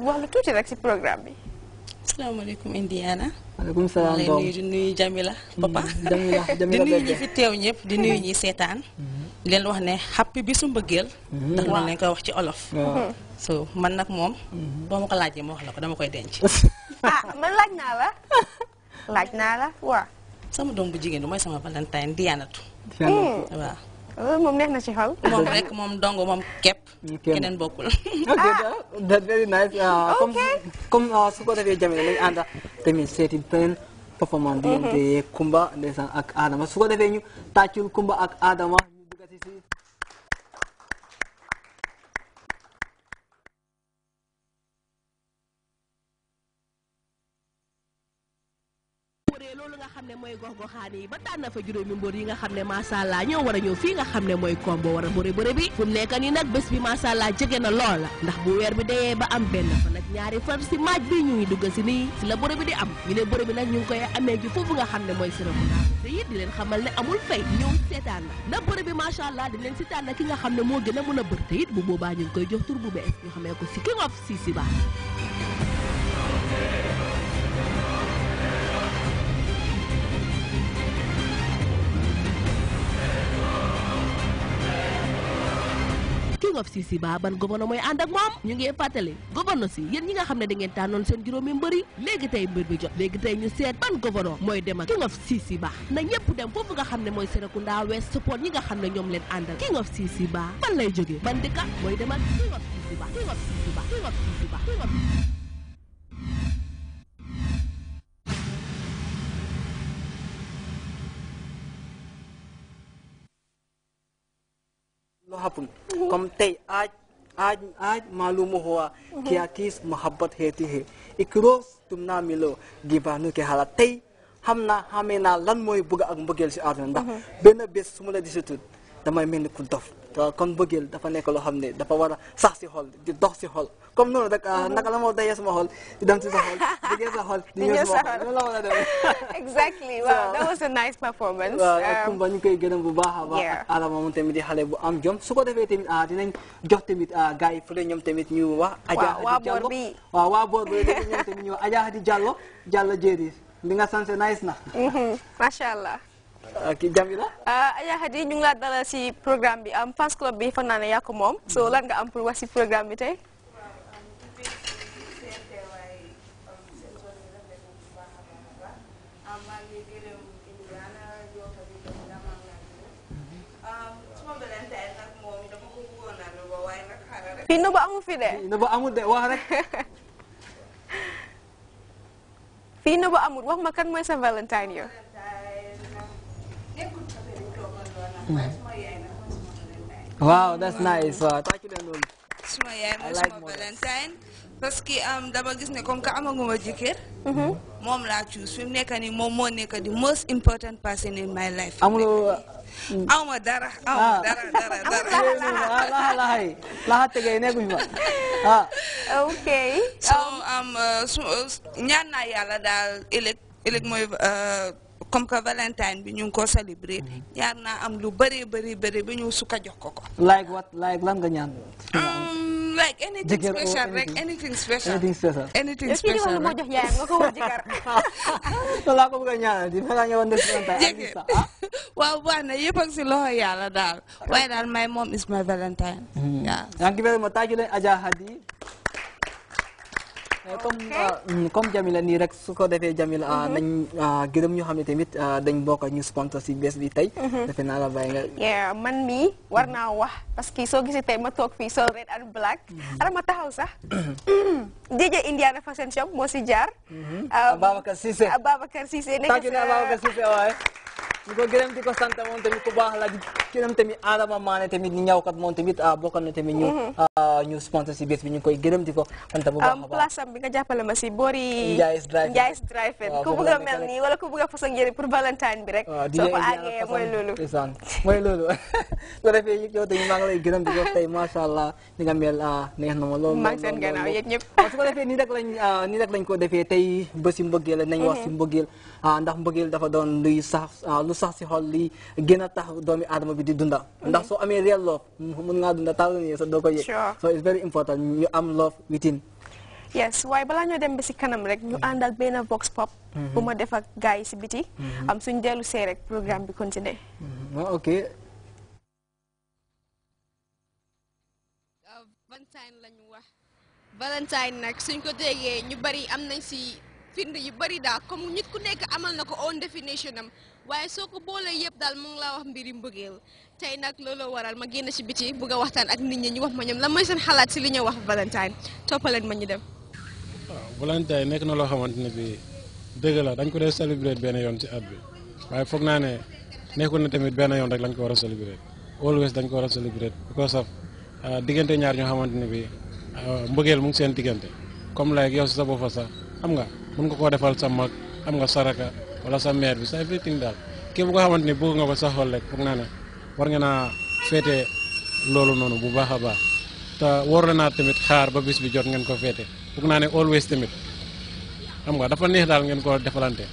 wàllu tuuti rek programme Indiana. maaleykum salaam Jamila papa. Jamila Jamila di nuyu ñi fi hmm. happy bisu hmm. koy wax so man hmm. wax ah man laaj la. laaj la sama doom bu sama valentine Mom neex na ci xol. mom rek mom dongo mom kep keneen bokkul ok that's very nice uh, comme comme uh, su ko defee jamee lañ ànda tamit seeti beneen performance de mm-hmm. Kumba ndeysaan ak Adama suko ko ñu tàccul Kumba ak Adama ñu dugati si gox-goxaan yi ba tànn fa juróomi mbër yi nga xam ne masala ñoo wara a ñëw fii nga xam ne mooy combo war a bëre bi fu nekk nii nag bés bi masala jege na loola ndax bu weer bi deyee ba am benn fa nag ñaari fan si maaj bi ñu ngi dugg si nii si la bëre bi di am ñu ne bëre bi nag ñu ngi koy amee ji foofu nga xam ne mooy Serekunda te di leen xamal ne amul fay ñëw seetaan na bëre bi masala di leen si tànn ki nga xam ne moo gën a mën a bër te it bu boobaa ñu koy jox tur bu bees ñu xamee ko si king of si Youssouf Cissé ban gouverneur mooy ànd ak moom ñu ngi fàttali gouverneur si yéen ñi nga xam ne da ngeen tànnoon seen juróomi mbëri léegi tey mbir bi jot léegi tey ñu seet ban gouverneur mooy dem ak King of Cissé Ba na ñëpp dem foofu nga xam ne mooy Serekunda West Port ñi nga xam ne ñoom leen àndal King of Cissé Ba ban lay jógee ban dëkka mooy dem ak King of Cissé Ba King of Cissé Ba King of हपुन कमते आज आज आज मालूम हुआ क्या किस मोहब्बत होती है एक रोज तुम ना मिलो गिबानु के हालत ते हम ना हमें ना लन मोई बुगा अंग बगेल से आदन बा हम्म। बेना बेस सुमले दिसुतु damay mel ni ku dof kon bëggeel dafa nekk loo xam ne dafa war a sax si xol di dox si xol comme noonu rek ah, naka la moo dayee sama xol di dem si sa xol di gee sa xol la war a demee exactly waaw that was a nice performance um, ñu koy gërëm bu baax a baax ak ala moom tamit di xale bu am jom su ko defee tamit ah, dinañ jox tamit ah, gars yi fële ñoom tamit ñu wax Adja Hadi Diallo waaw waa boor bi ñoom ñu wax Adja Hadi Diallo Diallo jéeri li nga sanse nice na mm-hmm. macha allah Jamila. Ah, jambira aya ah, hadi ñu ngi la si programme bi am fans club bi foog naa ne ya mom. ko moom so lan nga am pour wax si programme bi tay? fii ba amul fi de nëbb amul de wax rek fii amul wax ma kan sa valentine yo wow that's nice waaw tàccu leen loolu suma yaay mooy suma valentine parce que am um, dama gis ne comme que amaguma jëkkër mm-hmm. moom laa choose fi mu nekk moom moo nekk di most important person in my life amuloo mm. awma dara awma ah. dara dara dara laxa laxay laxa tegee nekkuñ ah. um, uh, uh, mooy uh, comme que Valentine bi ñu ngi ko célébrer mhm. ñaan naa am lu bëree bëri bëri bi ñu sukka jox ko ko. like what like lan nga ñaan. Um, like anything special rek anything special. anything special anything special moo jox yaayam nga ko woo jëkkër. laa ko bëgg a ñaanal ah. waaw baax na yëpp si loxo yàlla daal waaye daal my mom is my Valentine. waaw. Mhm. thank you very much. Aja Hadi. comme comme Jamila nii rek su ko defee Jamila nañ gërëm ñu xam ne tamit dañ bokk ñu sponsor si bés bi tey. defe naa la bàyyi nga. man mii war naa wax parce que soo gisee tey ma toog fii sol red and black. ala ma taxaw sax. DJ Indiana Fashion Shop moo si jaar. Euh, Ababacar Cissé Ababacar Cissé. nekk si Ababacar Cissé waaye. mi ko gërëm di ko sant lagi gerem temi baax la di gërëm tamit Adama Mané tamit ni ñawkat moom tamit bokk na tamit sponsor si bes bi ñu gerem gërëm di ko sant bu bah a baax place am bi nga jàppale ma si boori Njaay's Drive Njaay's Drive Ko bëgg mel ni wala ku bëgg a façon yëri pour Valentine bi rek ko àggee mooy loolu mooy loolu so defee yëg yow tamit maa ngi lay gërëm di ko tey macha allah ni nga mel neex na ma loolu maa ngi seen gannaaw yéen Ko su ko defee nii rek lañ ni rek lañ ko defee tay ba si mbëggeel nañ wax si mbëggeel ndax mbëggeel dafa doon luy sax du sax ci xol li gëna tax doomi aadama bi di dunda ndax mm-hmm. so amé real love mën mm-hmm, nga dunda taw ni sa doo ko so it's very important ñu am love within yes way bala ñu dem ba si kanam rek ñu mm-hmm. andal bena vox pop bu ma def ak gaay ci biti am suñu dellu sé rek programme bi continuer ok Valentine lañu wax Valentine nag suñ ko déggé ñu bari am nañ firnde yu bari daa comme nit ku nekk amal na ko own definition am waaye soo ko boolee yëpp daal mu ngi laa wax mbiri mbëggeel tey nag looloo waral ma génn ci biti bugg a waxtaan ak nit ñi ñu wax ma ñoom lan mooy seen xalaat si li ñu wax Valentine toppaleen ma ñu dem. waaw Valentine nekk na loo xamante ne bii dëgg la dañ ko dee célébrer benn yoon ci at bi waaye foog naa ne nekkul na tamit benn yoon rek dañ ko war a célébrer always dañ ko war a célébrer because uh, diggante ñaar ñoo xamante ne bii uh, mbëggeel mu seen diggante comme like yow si sa bopp sax xam nga. mën nga koo defal sa mag xam nga saraka wala sa mère bi sa everything daal képp koo xamante ni bëgg nga ko sa xol rek foog naa ne war nga naa féete loolu noonu bu baax a baax te war na naa tamit xaar ba bis bi jot ngeen ko féete foog naa ne always tamit xam nga dafa neex daal ngeen ko defalante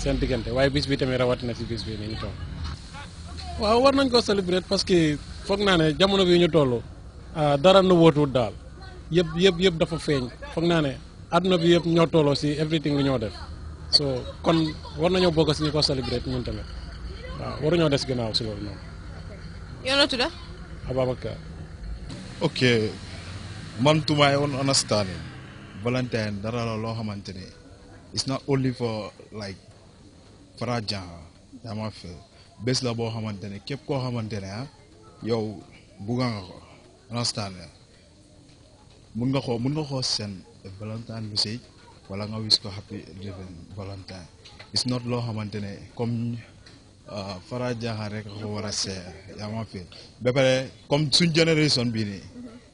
seen diggante waaye bis bi tamit rawatina si bis bi ni ñu toll. waaw war nañ ko célébrer parce que foog naa ne jamono bi ñu toll ah, dara nu wóotuwut daal yëpp yëpp yëpp dafa feeñ foog naa ne. aduna bi yëpp ñoo tolo si everything lu ñoo def so kon war nañu bokk ci ñu ko celebrate ñun tamit waaw waruñoo des ginnaaw si loolu noonu. yow la ok man tuma my own understanding Valentine dara la lo xamantene it's not only for like foraja, Diagne yaa ma fi la bo xamantene kep ko xamantene ha ah, yow bu nga ko understand mun nga xoo mun nga xoo sen Valentine message wala nga wis ko happy driven Valentine it's not loo xamante ne comme euh, Fara Jaaxa rek ko war a see yaa ma fi ba comme suñ génération bii nii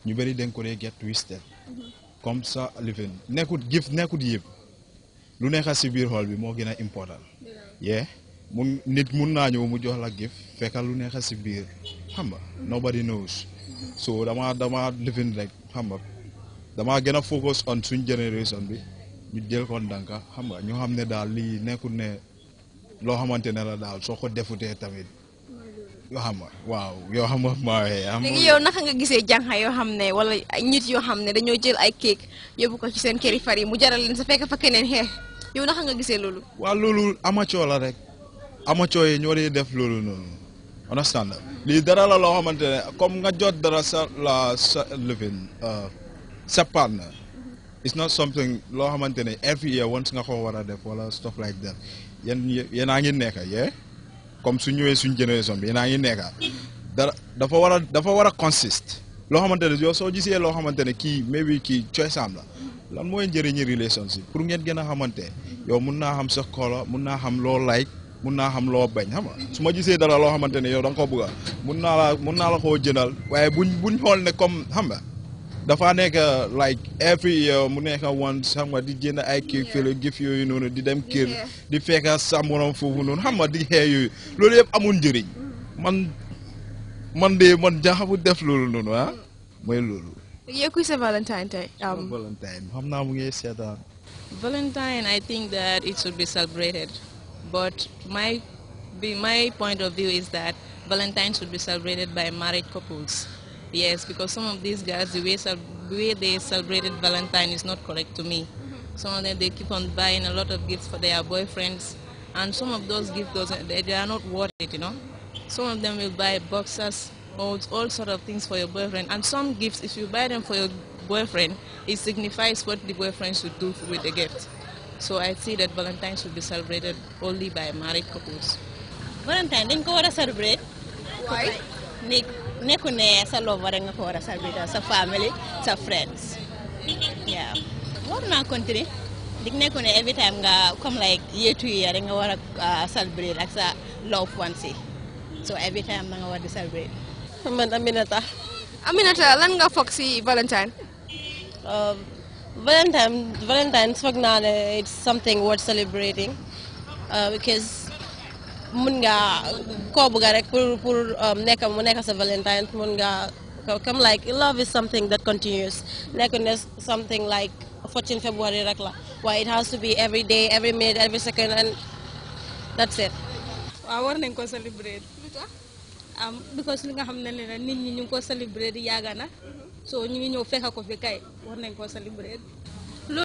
ñu bëri dañ ko dee get twisted comme sa living nekkut gift nekkut yëpp lu nekka si biir xool bi moo gën a important yee mun nit mun naa ñëw mu jox la gift fekka lu neex nekka si biir xam nga nobody knows so dama dama living rek xam nga damaa gën a focus on suñ génération bi ñu jël ko ndànka xam nga ñu xam ne daal lii nekkul ne loo xamante ne la daal soo ko defutee tamit yoo xam nga waaw yoo xam nga maa léegi yow nga gisee jànxa yoo xam ne wala nit yoo xam ne dañoo jël ay kéek yóbbu ko ci seen këri far yi mu jaral leen sa fekk fa keneen xeex yow naka nga gisee loolu. waaw loolu amacoo la rek amacoo yi ñoo dee def loolu noonu. understand lii dara la loo xamante ne comme nga jot dara sa la sa lëfin euh, sa partner it's not something loo xamante ne every year once nga ko war a def wala stop like that yéen yéen a ngi nekk yee comme su ñëwee suñ génération bi yéen a ngi nekk dara dafa war a dafa war a consist loo xamante ne yow soo gisee loo xamante ne kii maybe kii choice am la lan mooy njëriñu relationship pour ngeen gën a xamante yow mun naa xam sa kolo mun naa xam loo like mun naa xam loo bañ xam su ma gisee dala loo xamante ne yow da nga ko bëgg a mun naa la mun naa la koo jëndal waaye buñ buñ xool ne comme xam nga. dafa nekk like every year mu nekk once xam nga di jënd ay kii fële you yooyu noonu di dem kër di fekk sa morom foofu noonu xam nga di xee yooyu loolu yëpp amul njëriñ mm. man man de man jaaxabu def loolu noonu ah mm. mooy loolu. yéen kuy sa Valentine tey. Um, Valentine xam naa mu ngi seetaan. Valentine I think that it should be celebrated but my be my point of view is that Valentine should be celebrated by married couples. Yes, because some of these guys, the way, the way they celebrated Valentine is not correct to me. Mm-hmm. Some of them, they keep on buying a lot of gifts for their boyfriends. And some of those gifts, they, they are not worth it, you know. Some of them will buy boxes, all, all sort of things for your boyfriend. And some gifts, if you buy them for your boyfriend, it signifies what the boyfriend should do with the gift. So I see that Valentine should be celebrated only by married couples. Valentine, then go to celebrate. Why? Nick nekku ne sa lover rek nga ko war a celebrate sa family sa friends Yeah. What naa continuer dig nekku every time nga come like year to year rek nga war a uh, celebrate ak sa loved ones so every time da nga war di celebrate man Aminata Aminata lan nga foog si Valentine um, Valentine Valentine's foog naa ne it's something worth celebrating uh, because mun nga koo bëgg rek pour pour um, nekk mu nekk sa valentine mun nga comme like love is something that continues nekk ne something like 14 February rek la waaye it has to be every day every minute every second and that's it. waaw war nañ ko celebrate. lu tax am because li nga xam ne ne nit ñi ñu ngi ko celebrate yàgg na mm-hmm. so ñu ngi ñëw fekk ko fi kay war nañ ko celebrate.